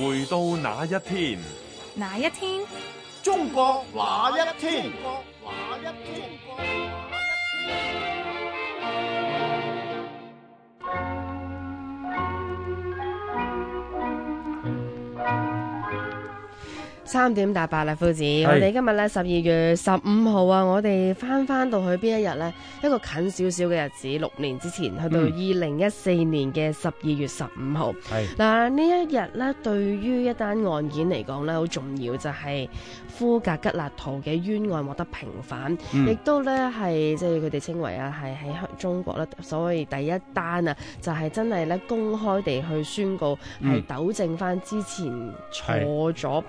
回到那一天，那一天，中國那一天？三點大八啦，夫子，我哋今日呢十二月十五號啊，我哋翻翻到去邊一日呢？一個近少少嘅日子，六年之前去到二零一四年嘅十二月十五號。嗱，呢一日呢，對於一單案件嚟講呢，好重要就係呼格吉勒圖嘅冤案獲得平反，亦、嗯、都呢係即係佢哋稱為啊，係喺中國呢。所謂第一單啊，就係、是、真係呢，公開地去宣告係糾正翻之前錯咗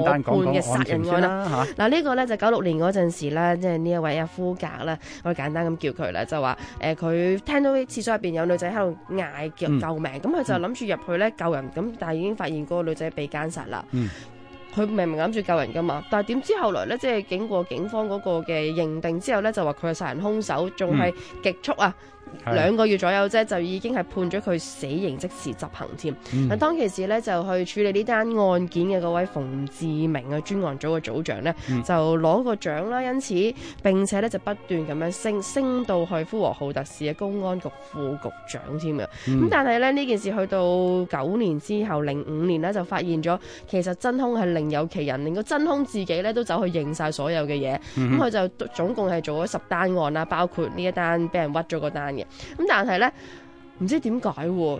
一半嘅殺人案啦嚇，嗱、啊啊啊這個、呢個咧就九、是、六年嗰陣時咧，即係呢一位阿、啊、呼格啦，我哋簡單咁叫佢啦，就話誒佢聽到廁所入邊有女仔喺度嗌叫救命，咁、嗯、佢就諗住入去咧救人，咁、嗯、但係已經發現嗰個女仔被奸殺啦。嗯佢明明諗住救人噶嘛，但係點知後來咧，即係經過警方嗰個嘅認定之後咧，就話佢係殺人兇手，仲係極速啊，兩、嗯、個月左右啫，就已經係判咗佢死刑即時執行添。嗱、嗯，當其時咧就去處理呢單案件嘅嗰位馮志明嘅專案組嘅組長咧、嗯，就攞個獎啦，因此並且咧就不斷咁樣升升到去呼和浩特市嘅公安局副局長添嘅。咁、嗯、但係咧呢這件事去到九年之後零五年咧就發現咗，其實真兇係。另有其人，連個真凶自己咧都走去認晒所有嘅嘢。咁、嗯、佢就總共係做咗十單案啦，包括一被一呢一單俾人屈咗個單嘅。咁但係咧，唔知點解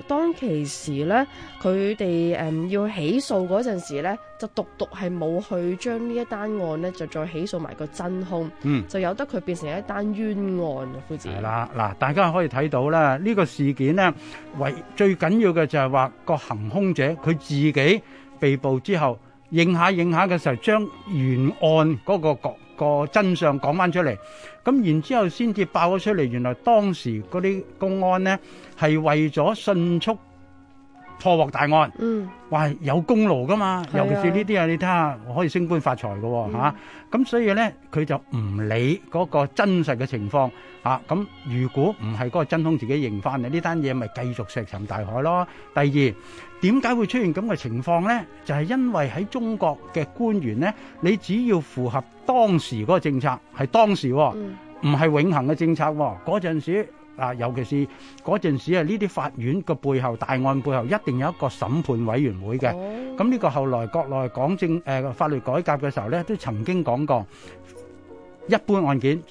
當其時咧，佢哋誒要起訴嗰陣時咧，就獨獨係冇去將呢一單案咧，就再起訴埋個真凶、嗯。就由得佢變成一單冤案。夫子，係啦嗱，大家可以睇到啦，呢、這個事件咧，為最緊要嘅就係話個行凶者佢自己被捕之後。應下應下嘅時候，將原案嗰個個真相講翻出嚟，咁然之後先至爆咗出嚟，原來當時嗰啲公安咧係為咗迅速。破獲大案，嗯、哇有功勞噶嘛、啊，尤其是呢啲啊，你睇下我可以升官發財噶吓，咁、嗯啊、所以咧佢就唔理嗰個真實嘅情況啊，咁如果唔係嗰個真凶自己認翻嚟呢單嘢，咪繼續石沉大海咯。第二，點解會出現咁嘅情況咧？就係、是、因為喺中國嘅官員咧，你只要符合當時嗰個政策，係當時、哦，唔、嗯、係永恆嘅政策、哦，嗰陣時。啊，尤其是嗰陣時啊，呢啲法院個背後大案背後一定有一個審判委員會嘅。咁呢個後來國內講政誒法律改革嘅時候咧，都曾經講過一般案件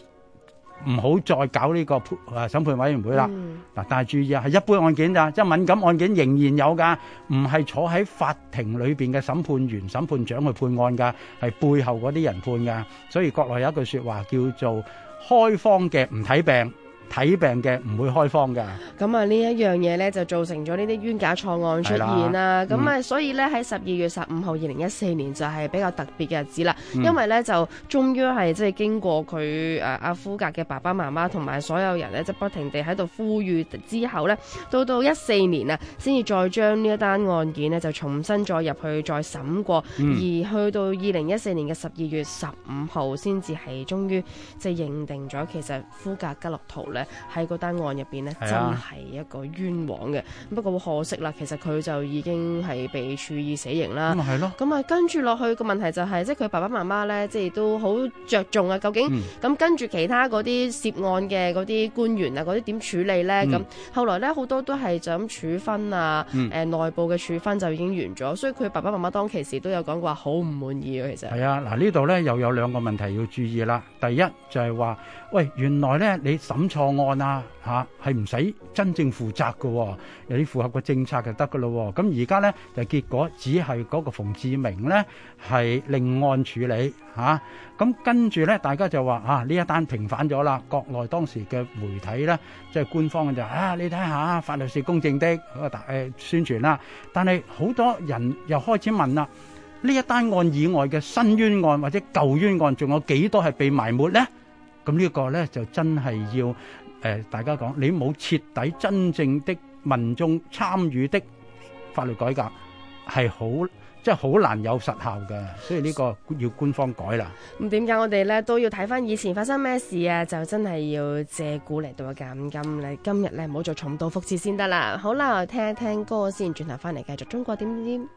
唔好再搞呢個判誒審判委員會啦。嗱，但係注意啊，係一般案件咋，即係敏感案件仍然有噶，唔係坐喺法庭裏邊嘅審判員、審判長去判案噶，係背後嗰啲人判噶。所以國內有一句說話叫做開方嘅唔睇病。睇病嘅唔會開方㗎。咁啊，呢一樣嘢咧就造成咗呢啲冤假錯案出現啦。咁啊、嗯，所以咧喺十二月十五號二零一四年就係比較特別嘅日子啦、嗯。因為咧就終於係即係經過佢誒阿呼格嘅爸爸媽媽同埋所有人咧，即不停地喺度呼籲之後咧，到到一四年啊，先至再將呢一單案件咧就重新再入去再審過、嗯，而去到二零一四年嘅十二月十五號先至係終於即係認定咗其實呼格吉勒圖。喺個單案入邊呢，真係一個冤枉嘅、啊。不過好可惜啦，其實佢就已經係被處以死刑啦。咁、嗯、咪啊跟住落去個問題就係、是，即係佢爸爸媽媽呢，即係都好着重啊。究竟咁、嗯、跟住其他嗰啲涉案嘅嗰啲官員啊，嗰啲點處理呢？咁、嗯、後來呢，好多都係就咁處分啊。誒、嗯、內部嘅處分就已經完咗，所以佢爸爸媽媽當其時都有講過話好唔滿意啊。其實係啊，嗱呢度呢，又有兩個問題要注意啦。第一就係話，喂原來呢，你審錯案啊，吓、啊，係唔使真正負責嘅、哦，有啲符合個政策就得嘅咯。咁而家咧就結果只係嗰個馮志明咧係另案處理吓，咁、啊啊、跟住咧，大家就話啊，呢一單平反咗啦。國內當時嘅媒體咧，即係官方就啊，你睇下法律是公正的嗰個誒宣傳啦。但係好多人又開始問啦，呢一單案以外嘅新冤案或者舊冤案，仲有幾多係被埋沒咧？咁呢一個咧，就真係要誒大家講，你冇徹底真正的民眾參與的法律改革，係好即係好難有實效嘅。所以呢個要官方改啦。咁點解我哋咧都要睇翻以前發生咩事啊？就真係要借古嚟到鑒今啦。今日咧，唔好再重蹈覆轍先得啦。好啦，我聽一聽歌先，轉頭翻嚟繼續中國點點。